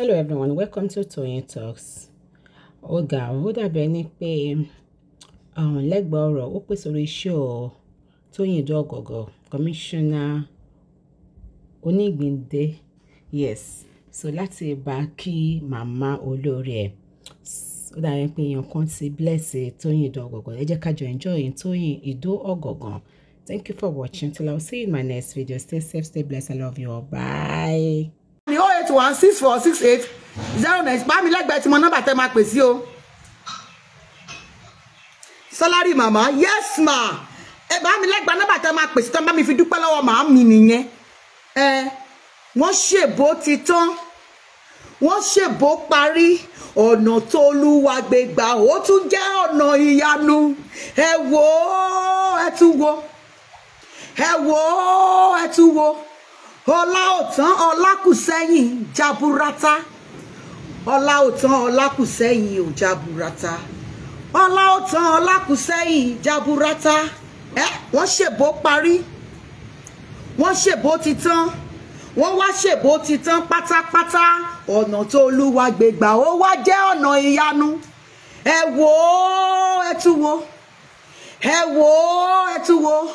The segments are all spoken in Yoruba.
hello everyone welcome to Toyeen Talks ó ga ó dàbẹ̀ ni pé um, lẹ́gbàá ọ̀rọ̀ ó pèsè orí iṣẹ́ ọ̀ Tóyìn Dọ́gọ̀gọ̀ kọmíṣánná onígbìndé yes so láti bá kí màmá olórí ẹ̀ ó dàbẹ̀ pé èèyàn kan ti bless Tóyìn Dọ́gọ̀gọ̀ ẹ jẹ́ ká jọ enjoy Tóyìn Ìdó Ọ̀gọ̀gọ̀ thank you for watching till i will see you in my next video stay safe stay blessed i love you all bye eight one six four six eight zero nine bá mi lẹ́gbẹ̀ẹ́ tí mo nọ́mbà tẹ́ máa pè sí o sọlárì màmá yes ma ẹ bá mi lẹ́gbẹ̀ẹ́ nọ́mbà tẹ́ máa pè sí tán bá mi fi dúpẹ́ lọ́wọ́ màá mi nìyẹn ẹ wọ́n ṣèbó ti tán wọ́n ṣèbó parí ọ̀nà t'Olúwa gbé gbà ó tún jẹ́ ọ̀nà ìyanu ẹ wò ó ẹ tún wò ẹ wò ó ẹ tún wò ọlá òtán ọlá kù sẹ́yìn jaburata ọlá òtán ọlá kù sẹ́yìn ò jaburata ọlá òtán ọlá kù sẹ́yìn jaburata ẹ wọ́n ṣèbó parí wọ́n ṣèbó ti tán wọ́n wá ṣèbó ti tán pátápátá ọ̀nà tó olúwa gbégbà ó wá jẹ́ ọ̀nà ìyanu ẹ wò ó ẹ tún wò ẹ wò ó ẹ tún wò ó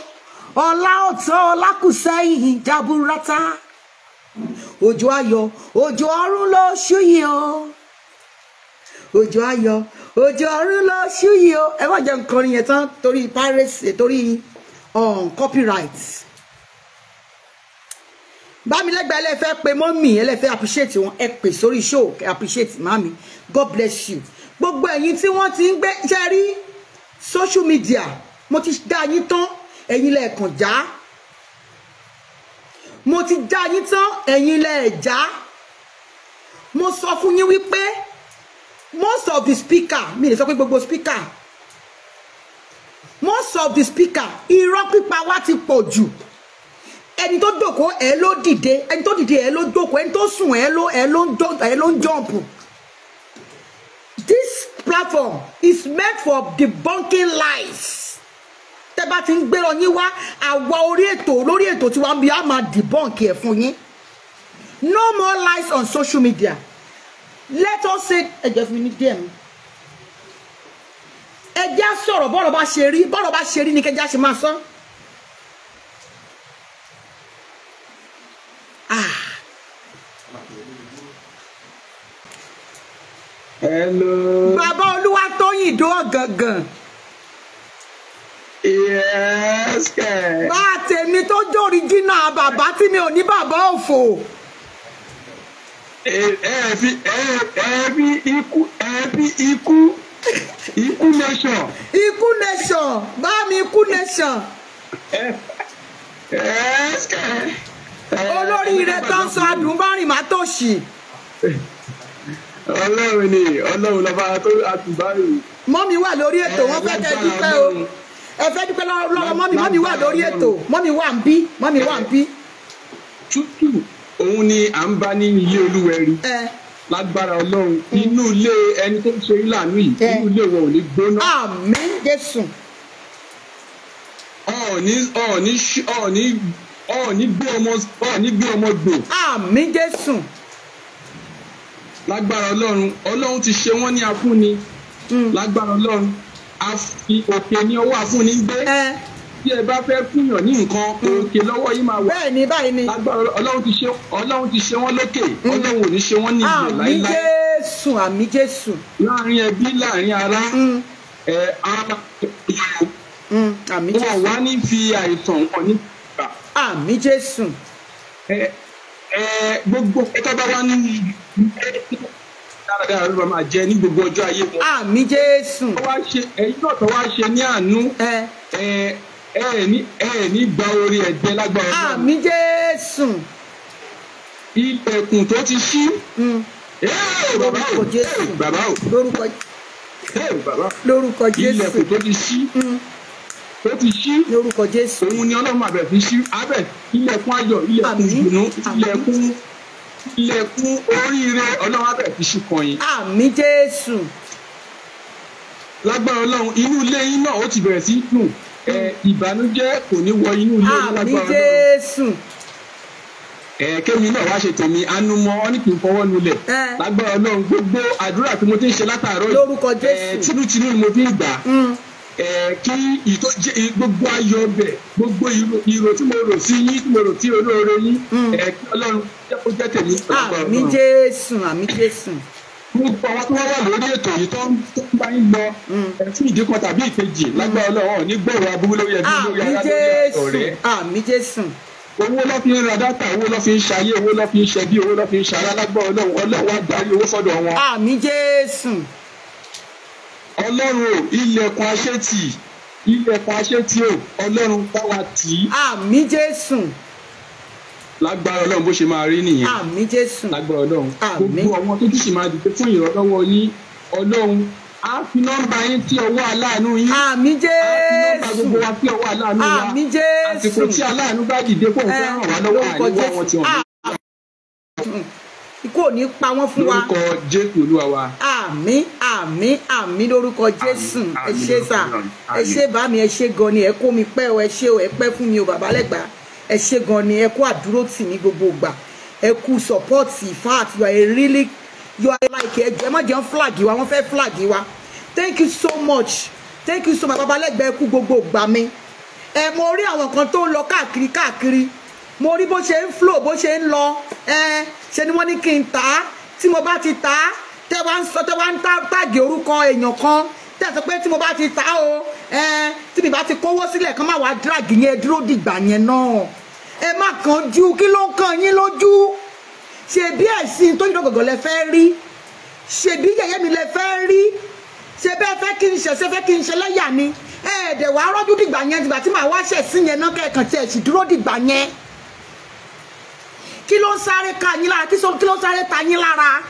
ọlá ọ̀tọ̀ ọlákùsẹ́yìn jaburata òjò ayọ̀ òjò ọ̀run ló ṣú yìí o òjò ayọ̀ òjò ọ̀run ló ṣú yìí o ẹ wá jẹ́ nkọrin yẹn tán torí piracy torí um, copyright bámilẹ́gbẹ̀ẹ́ ẹlẹ́fẹ́ pé mọ́mì ẹlẹ́fẹ́ appreciate wọn ẹ pè sórí show appreciate mami god bless you gbogbo ẹ̀yin tí wọ́n ti ń gbé jẹ́rí social media mo ti dá yín tán ẹ̀yin lẹ́ẹ̀kan já mo ti já yín tán ẹ̀yin lẹ́ẹ̀já mo sọ fún yín wípé most of the speaker mi lè sọ pé gbogbo speaker most of the speaker irọ́ pípa wa ti pọ̀ jù ẹni tó dòkó ẹ ló dìde ẹni tó dìde ẹ ló dòkó ẹni tó sùn ẹ ló ẹ ló ń jump this platform is made for debunking lies bá ti ń gbérọ yín wá àwa orí ètò lórí ètò tiwa ń bi máa dìbọ́ǹkì ẹ̀ fún yín no more lies on social media let us say ẹ̀jẹ̀ fún mi ní díẹ̀ mi ẹ̀jẹ̀ sọ̀rọ̀ bọ́rọ̀ bá ṣe rí bọ́rọ̀ bá ṣe rí ni kẹjá ṣe máa sọ. Ah. Hello. Bàbá Olúwatóyìn Ìdó Ọ̀gàngàn yes kẹ. bá a tèmi tó jórí jìnnà bàbá tí mi ò ní bàbá òfò. ẹbí ẹbí ikú ẹbí ikú ikú nation. ikú nation bá mi ikú nation. yes kẹ. olórí rẹ tó ń sọ adùnbárìn má tó ṣì. ọlọ́run ni ọlọ́run lọ́ba tó àtùbárìn. mọ́mi wà lórí ètò wọn fẹ́ kẹ́ dúpẹ́ o ẹ fẹ́ dúpẹ́ lọ́wọ́ mọ́mí mọ́mí wà lórí ètò mọ́mí wà ń bí mọ́mí wà ń bí. tútù òun ni à ń bá ní ilé olúwẹ̀rí lágbára ọlọ́run inú ilé ẹni tó ń ṣe ìlànà yìí inú ilé wọn ò ní gbóná. àmín jésù. ọ̀ọ́ni ọ̀ọ́ni ọ̀ọ́ni ọ̀ọ́ni gbé ọmọ ọ̀ọ́ni gbò. àmín jésù. lágbára ọlọ́run ọlọ́run ti ṣe wọ́n ní afúnni mm. lágbára ọlọ́run àfi òkè ni owó àfúnni ń gbé tí ẹ bá fẹ́ fúnyàn ní nǹkan òkè lọ́wọ́ yìí máa wà. bẹ́ẹ̀ ni báyìí ni. agbára ọlọ́run ti ṣe ọlọ́run ti ṣe wọ́n lókè mm. ọlọ́run ò ní ṣe wọ́n ní ìyè láíláí. àmì jésù àmì jésù. láàrin ẹbí láàrin ará mm. ẹ ara mm, àmì wọn wá ní fi àìsàn wọn ní ìgbà. àmì jésù. ẹ ẹ gbogbo ẹ tọ́ ní ìgbà dáradára ló máa jẹ ní gbogbo ọjọ́ ayé wọn. àmì jésù. ẹ̀yin náà tó wá ṣe ní àánú ẹ ẹ ní gba orí ẹ̀jẹ̀ lágbára náà. àmì jésù. ilẹ̀kùn tó ti ṣí. Mm. bàbá o bàbá o lórúkọ jésù ilẹ̀kùn tó ti ṣí mm. tó ti ṣí lórúkọ jésù òun ni ọlọ́run àbẹ̀ fi ṣí abẹ ilẹ̀kùn ayọ̀ ilẹ̀kùn ìdùnnú ilẹ̀kùn lè kú oríire ọlọ́run abẹ́ fi ṣùkàn yín. àmì jésù. lágbára ọlọ́run inú ilé yín náà ó ti bẹ̀rẹ̀ sí í dùn ìbànújẹ́ kò ní wọ inú ilé yín lágbára ọlọ́run. àmì náà wá ṣe tèmi anumọ ọ́nìkì fọwọ́ nulẹ̀ lágbára ọlọ́run gbogbo àdúrà tí mo ti ń ṣe látàárọ̀ yìí lórúkọ jésù tìlútìlú ni mo fi ń gbà kí ìtò jẹ gbogbo ayọ̀ ọbẹ̀ gbogbo ìrò tí mo rò sí yín tí mo rò tí olóore yín mm. kí ọlọ́run jẹ́ kó jẹ́ tèmi. àmì jésù àmì jésù. gbogbo àwọn tó wá wà lórí ètò yìí tó ń bá yín lọ mm. fún ìdí kan tàbí ìkejì lágbára ọlọ́run ní gbòòrò aburú lórí ẹbí lórí ara lórí ọ̀rẹ́. àmì jésù owó ló fi ń ra dátà owó ló fi ń ṣayé owó ló fi ń ṣẹbí owó ló fi ń ṣara lágbára ọlọ́run ọlọ́run á owó sọ́dọ̀ wọn. àmì jésù ọlọ́run ilẹ̀kùn aṣẹ́tì ilẹ̀kùn aṣẹ́tì o ọlọ́run báwa tì í. àmì jésù. lágbára ọlọ́run bó ṣe máa rí nìyẹn. àmì jésù. lágbára ọlọ́run. àmì gbogbo àwọn tó tún sì máa dìde fún ìrànlọ́wọ́ yín ọlọ́run a fi nọ́mbà yín tí ọwọ́ aláàánú yín. àmì jésù. a fi nọ́mbà gbogbo wa tí ọwọ́ aláàánú wa. àmì jésù. àsìkò tí aláàánú bá dìde fún òun fẹ́ràn wá lọ́wọ́ àníwá wọn ti hàn. Ah. ikú ò ní pa wọ́n fún wa. lórúkọ jésù olúwa wa. Ah àmín àmín àmín lórúkọ jésù ẹ ṣé sà ẹ ṣé bá mi ẹ ṣé gan ni ẹ kó mi pẹ́ o ẹ ṣé o ẹ pẹ́ fún mi o bàbá lẹ́gbà ẹ ṣé gan ni ẹ kó àdúró tì mí gbogbo ìgbà ẹ kú support in fact you are a really you are like ẹ jẹ́ má jẹun flag wa wọ́n fẹ́ flag wa thank you so much thank you so much bàbá lẹ́gbà ẹ kú gbogbo ìgbà mi ẹ mo rí àwọn kan tó ń lọ káàkiri káàkiri mo rí bó ṣe ń flow bó ṣe ń lọ ẹ ṣe ni wọ́n ní kí n tà á tí mo bá ti tà á tẹ́ wá ń sọ tẹ́ wá ń tàgé orúkọ èèyàn kan tẹ́ sọ pé tí mo bá ti ta o tí mi bá ti kówó sílẹ̀ kán má wá díràgì yẹn dúró dìgbà yẹn náà ẹ má kánjú kí ló ń kan yín lójú ṣebí ẹ̀sìn tó yìnbọn gọ̀gọ̀ lẹ fẹ́ rí ṣebí yẹ̀yẹ́ mi lẹ fẹ́ rí ṣe bẹ́ẹ̀ fẹ́ kí n ṣe ṣe fẹ́ kí n ṣe lẹ́yà ni ẹ̀ẹ́dẹ̀ wàá rọ́jú dìgbà yẹn dìgbà tí màá wá sí yẹn náà kẹ̀kàn tiẹ̀ sì dúró dìgbà yẹn kí ló ń sáré ka yín lára kí ló ń sáré ta yín lára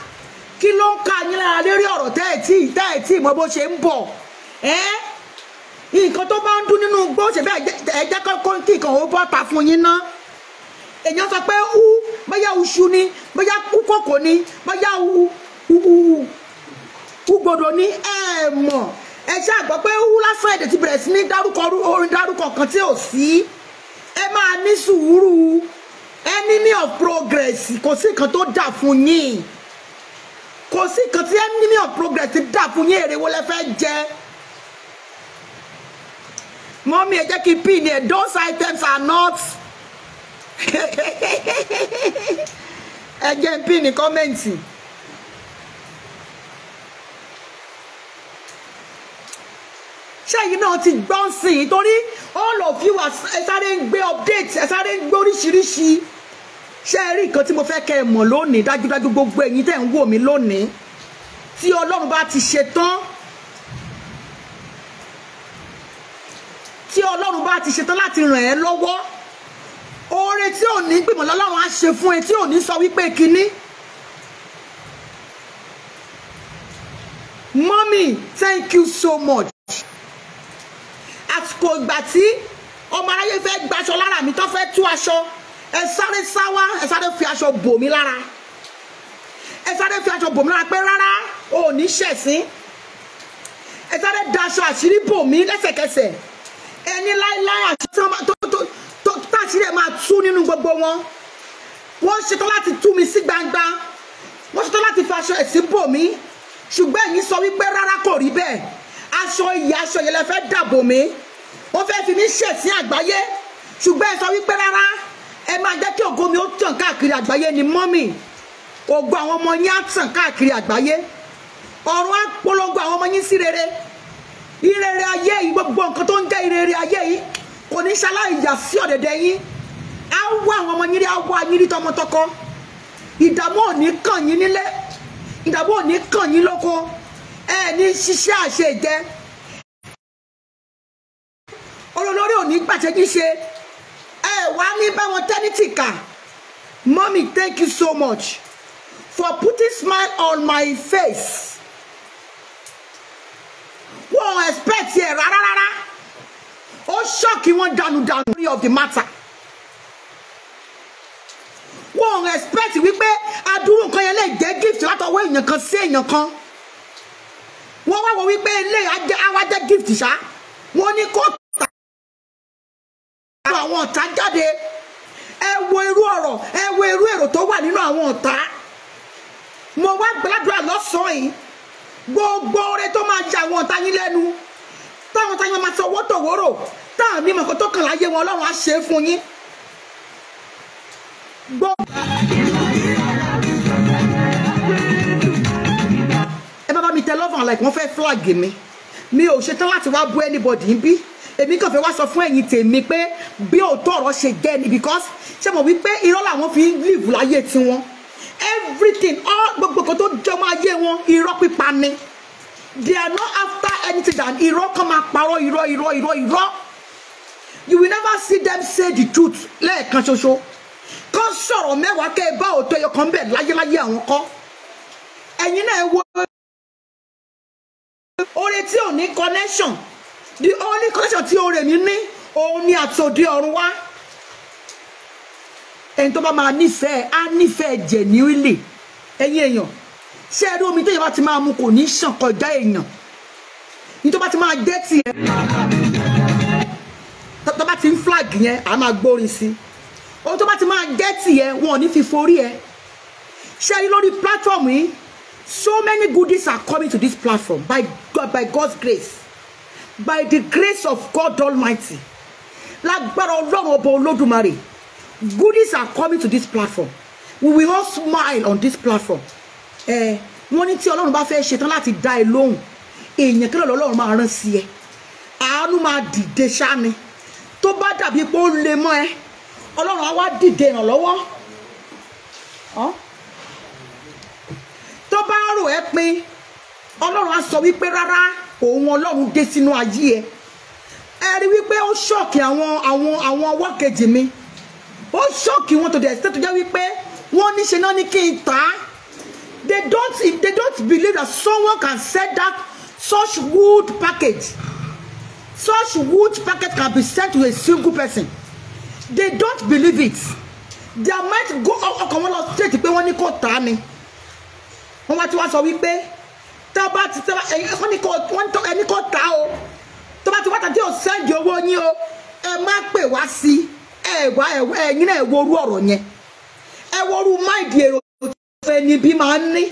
kí ló ń ka yín lára lérí ọ̀rọ̀ tẹ́ ẹ̀ tí tẹ́ ẹ̀ tí mọ bó ṣe ń bọ̀ ẹ́ nǹkan tó bá ń dún nínú gbó ṣe bẹ́ẹ̀ ẹ jẹ́ kó kí nǹkan ó bọ́ ta fún yín ná èèyàn sọ pé ú bóyá uṣu ni bóyá kúkọ̀kọ̀ ni bóyá ugbodò ni ẹ mọ̀ ẹ ṣáà gbọ́ pé ú lásán èdè ti bẹ̀rẹ̀ sí ní dárúkọ orin dárúkọ kan tí ò sí ẹ máa ní sùúrù enemy of progress kò sí nǹkan tó dà fún yín kò sí kan tí enemy progress ti dà fún yín èrè wo lẹ fẹ́ jẹ mọ́mí ẹ jẹ́ kí pin ni ẹ̀ those items are not ẹ jẹ́ pin ní kọ́mẹ́ǹtì. ṣẹ́yìn náà ti gbọ́n sí i torí all of you ẹ sáré ń gbé update ẹ sáré ń gbé oríṣiríṣi ṣé ẹ rí nǹkan tí mo fẹ́ kẹ́ ẹ mọ̀ lónìí dájúdájú gbogbo ẹ̀yin tẹ́ ń wò mí lónìí tí ọlọ́run bá ti ṣe tán tí ọlọ́run bá ti ṣe tán láti ràn ẹ́ lọ́wọ́ oore tí ò ní gbìmọ̀ lọ́lọ́run á ṣe fún ẹ tí ò ní sọ wípé kinní. mọ́mì thank you so much. àsìkò ìgbà tí ọmọ aráyé fẹ́ gbaṣọ lára mi tó fẹ́ tú aṣọ ẹ sáré sáwá ẹ sáré fi aṣọ bò mí lára ẹ sáré fi aṣọ bò mí lára pé rárá o ò ní ṣẹ̀sín ẹ sáré daṣọ àṣírí bò mí lẹ́sẹ̀kẹsẹ̀ ẹni láéláé àṣírí tó táṣírí ẹ máa tú nínú gbogbo wọn wọ́n ṣetán láti tú mi sí gbangba wọ́n ṣetán láti fi aṣọ ẹ̀sín bò mí ṣùgbọ́n ẹ̀yin sọ wípé rárá kò rí bẹ́ẹ̀ aṣọ ìyá aṣọ ìyẹlẹ fẹ́ dàbò mí wọ́n fẹ́ fi mí ṣẹ̀sín àgbáyé ṣùgbọ́n ẹ̀ sọ wípé rárá ẹ máa jẹ́ kí ògo mi ó tàn káàkiri àgbáyé ni mọ́mì ògo àwọn ọmọ yín á tàn káàkiri àgbáyé ọ̀rọ̀ á polongo àwọn ọmọ yín sí rere ìrere ayé yìí gbogbo nǹkan tó ń jẹ́ ìrere ayé yìí kò ní ṣaláìyà sí ọ̀dẹ̀dẹ̀ yín á wá àwọn ọmọ yín rí á wá yín rí tọmọtọkọ ìdààmú ò kàn yín nílé ìdààmú kàn yín ní báwọn tẹ́nítì mọ́mí thank you so much for putting smile on my face wọ́n ò expect yẹ rárá rárá ó ṣọ́ọ̀kì wọn dànùdànù three of the matter wọn ò expect wípé adúrú nǹkan yẹn lè jẹ́ gift látọwọ́ èèyàn kan sí èèyàn kan wọ́n wá wọ wípé eléyìí á wá jẹ́ gift ṣá wọ́n ní kó ọ̀tá jáde ẹ wo irú ọ̀rọ̀ ẹ wo irú èrò tó wà nínú àwọn ọ̀tá mo wá gbàdúrà lọ́sàn-án yìí gbogbo oore tó máa ja àwọn ọ̀tá yín lẹ́nu táwọn táyọ̀ máa sọ wọ́tọ̀wọ́rọ̀ táwọn mímọ̀ kan tó kàn láyé wọn ọlọ́run á ṣe é fún yín. ẹ bá bá mi tẹ lọ́fọ̀n like wọ́n fẹ́ flag mi mi ò ṣetán láti wá bú anybody ń bí èmi kàn fẹ́ wá sọ fún ẹ̀yin tèmi pé bí òótọ́ ọ̀rọ̀ ṣe jẹ́ ni because ṣé mo wí pé irọ́ làwọn fi ń live láyé tiwọn everything all gbogbo kan tó jọmọ́ ayé wọn irọ́ pípa ni they are not after anything than irọ́ kan máa parọ́ irọ́ irọ́ irọ́ irọ́ you will never see them say the truth lẹ́ẹ̀kan ṣoṣo kan sọ̀rọ̀ mẹ́wàá kẹ́ ẹ bá òótọ́ ẹyọ kan bẹ̀ láyéláyé àwọn kọ́ ẹ̀yin náà ẹ wo oore tí ò ní connection the only connection tí oore mi ní òun ni àtòdì ọ̀run wá ẹni tó bá máa nífẹ̀ẹ́ á nífẹ̀ẹ́ genuinely ẹ̀yin èèyàn ṣé ẹrú omi téèyàn bá ti máa mu kò ní ṣàn kọjá èèyàn ní tó bá ti máa dé tiẹ̀ tó bá ti flag yẹn á máa gbórin sí ohun tó bá ti máa dé tiẹ̀ wọn ò ní fi forí ẹ ṣé ẹrí lórí platform yìí so many goodies are coming to this platform by God, by God's grace by the grace of God Almighty lágbára ọlọ́run ọba olódùmarè goodies are coming to this platform we will all smile on this platform ẹ wọ́n ní tí ọlọ́run bá fẹ́ ṣetán láti dá ẹ lóhùn èèyàn kí lọ́lọ́run máa rán sí ẹ àánú máa dìde sáni tó bá dàbí pé ó lè mọ́ ẹ ọlọ́run á wá dìde ìrànlọ́wọ́ tó bá rò ẹ́ pé ọlọ́run á sọ wípé rárá òun ọlọ́run dé sínú ayé ẹ ẹ rí wípé ó ṣọ́ọ̀kì àwọn àwọn àwọn ọwọ́ kejì mi ó ṣọ́ọ̀kì wọn tó dẹ̀ ṣe tó jẹ́ wípé wọ́n níṣe náà ní kí n tà á they don't they don't believe that someone can sell that such wood package such wood package can be sent to a single person they don't believe it their mind go ọkàn wọn lọ straight pé wọ́n ní kò tà á ni wọ́n wá ti wá sọ wípé tá a ti tẹ́ wọ́n ní kò ẹni kò ta o tó bá ti wá tàbí ọ̀sẹ́ǹdì owó yín o ẹ má pè wá sí ẹ wá ẹ̀yin náà ẹ ọ̀rọ̀ yẹn ẹ máìdì èrò tó ẹni bí máa ń ní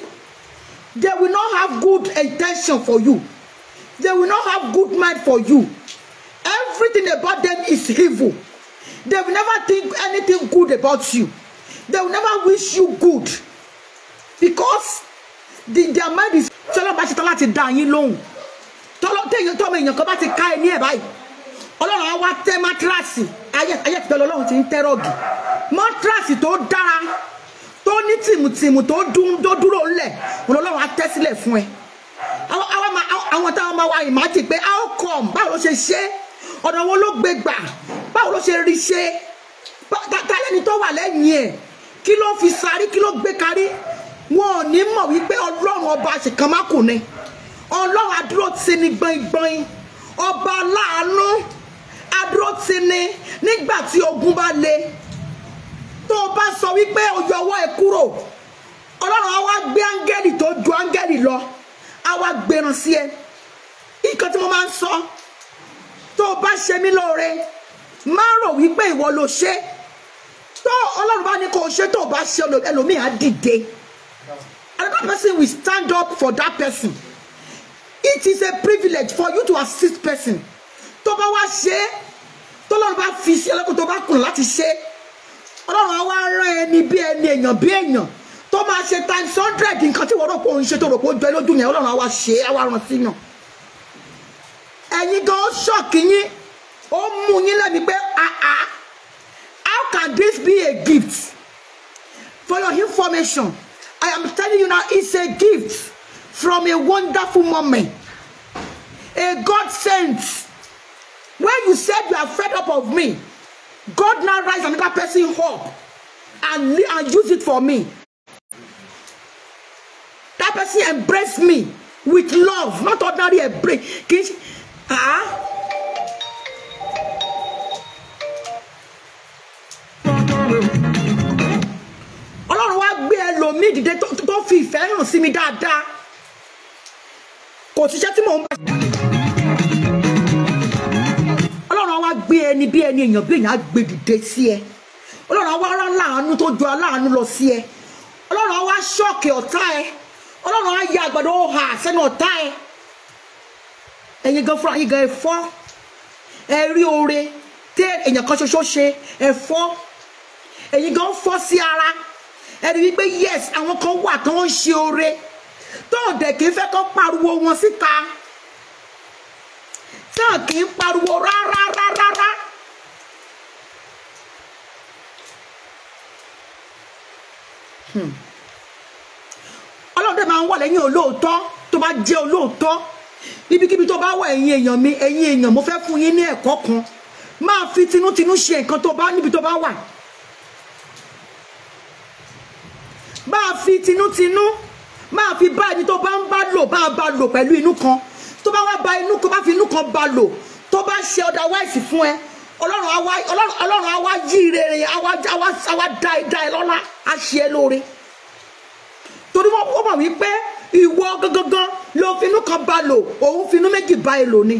they will not have good intention for you they will not have good mind for you everything about them is evil they will never think anything good about you they will never wish you good because the, their mind is tọ́lọ́ bá ṣetán láti dá yín lóhùn tọ́mọ èèyàn kan bá ti ká ẹni ẹ̀ báyìí ọlọ́run á wá tẹ́ mátíráàsì ayé ayé ti tẹ́lẹ̀ ọlọ́run ti ń tẹ́rọ̀gì mátíráàsì tó dára tó ní tìmùtìmù tó dúró ńlẹ̀ ọlọ́run á tẹ́ sílẹ̀ fún ẹ àwọn táwọn máa wá ìmájì pé how come báwo ló ṣe ṣe ọ̀nà wo ló gbé gbà báwo ló ṣe rí ṣe ta lẹ́ni tó wà lẹ́yìn ẹ̀ kí ló fi sarí kí ló gbé karí wọn ò ní mọ̀ wípé ọlọ́run ọba àṣekánmákù ni ọlọ́run adúró ti ni gbọ̀ngbọ̀n ọba aláàánú adúró ti ni nígbà tí ogun bá le tó o bá sọ wípé o yọ ọwọ́ ẹ kúrò ọlọ́run á wá gbé áńgẹ́lì tó ju áńgẹ́lì lọ á wá gbéran sí ẹ nǹkan tí mo máa ń sọ tó o bá ṣe mí lóore má rò wípé ìwọ ló ṣe tó ọlọ́run bá ní kó o ṣe tó o bá ṣe ẹlòmíì á dìde person will stand up for that person it is a privilege for you to assist person tó bá wá ṣe é tọ́lọ́run bá fi sí ẹlẹ́kùn tó bá kùn láti ṣe é ọlọ́run á wá rán ẹni bí ẹni èèyàn bí èèyàn tó máa ṣe times hundred nǹkan tí wọ́n rò pé òun ṣe tó rò pé ó jọ lójú yẹn ọlọ́run á wá ṣe é á wá rán sí yàn ẹ̀yin gan ó ṣọ́ọ̀kì yín ó mú yín ah, ah, how can this be a gift for your information I am telling you now, it's a gift from a wonderful moment. A God sent. When you said you are fed up of me, God now rise another person hope, and, and use it for me. That person embraced me with love, not ordinary embrace. Ah. Uh -huh. mí dìde tó fi ìfẹ́ hàn sí mi dáadáa kò síṣẹ́ tí mò ń bá ọlọ́run wa gbé ẹni bí ẹni èèyàn bí èèyàn á gbé dìde sí ẹ ọlọ́run wa rán láàánú tó ju aláàánú lọ sí ẹ ọlọ́run wa ṣọ́ọ̀kì ọ̀tá ẹ ọlọ́run á yẹ àgbàdo ọ̀hà sẹ́nu ọ̀tá ẹ ẹ̀yin gan fúnra yín gan ẹ fọ́ ẹ rí oore tẹ èèyàn kan ṣoṣo ṣe ẹ ẹ̀yin gan fọ́ sí ara ẹ̀rí wípé yes àwọn kan wà tó ń ṣe oore tó ò dẹ̀ kì í fẹ́ kó pariwo wọn síta tó ò kì í pariwo rárá rárá rárá. Hmm. ọlọ́dẹ máa ń wà lẹ́yìn olóòótọ́ tó bá jẹ́ olóòótọ́ ibikíbi tó bá wà ẹ̀yin èèyàn mi ẹ̀yin èèyàn mo fẹ́ fún yín ní ẹ̀kọ́ kan máa fi tinútinú ṣe nǹkan tó bá níbi tó bá wà máa fi tinútinú máa fi bá ẹni tó bá ń bá lò bá bá lò pẹ̀lú inú kan tó bá wá ba inú kan bá fi inú kan bá lò tó bá ṣe otherwise fún ẹ ọlọ́run á wá ọlọ́run á wá yí rere á wá dá ẹ dá ẹ lọ́lá á ṣe ẹ lóore torí wọn ó mọ̀ wípé ìwọ gangan ló finú kan bá lò òun finú méjì bá ẹ lò ni.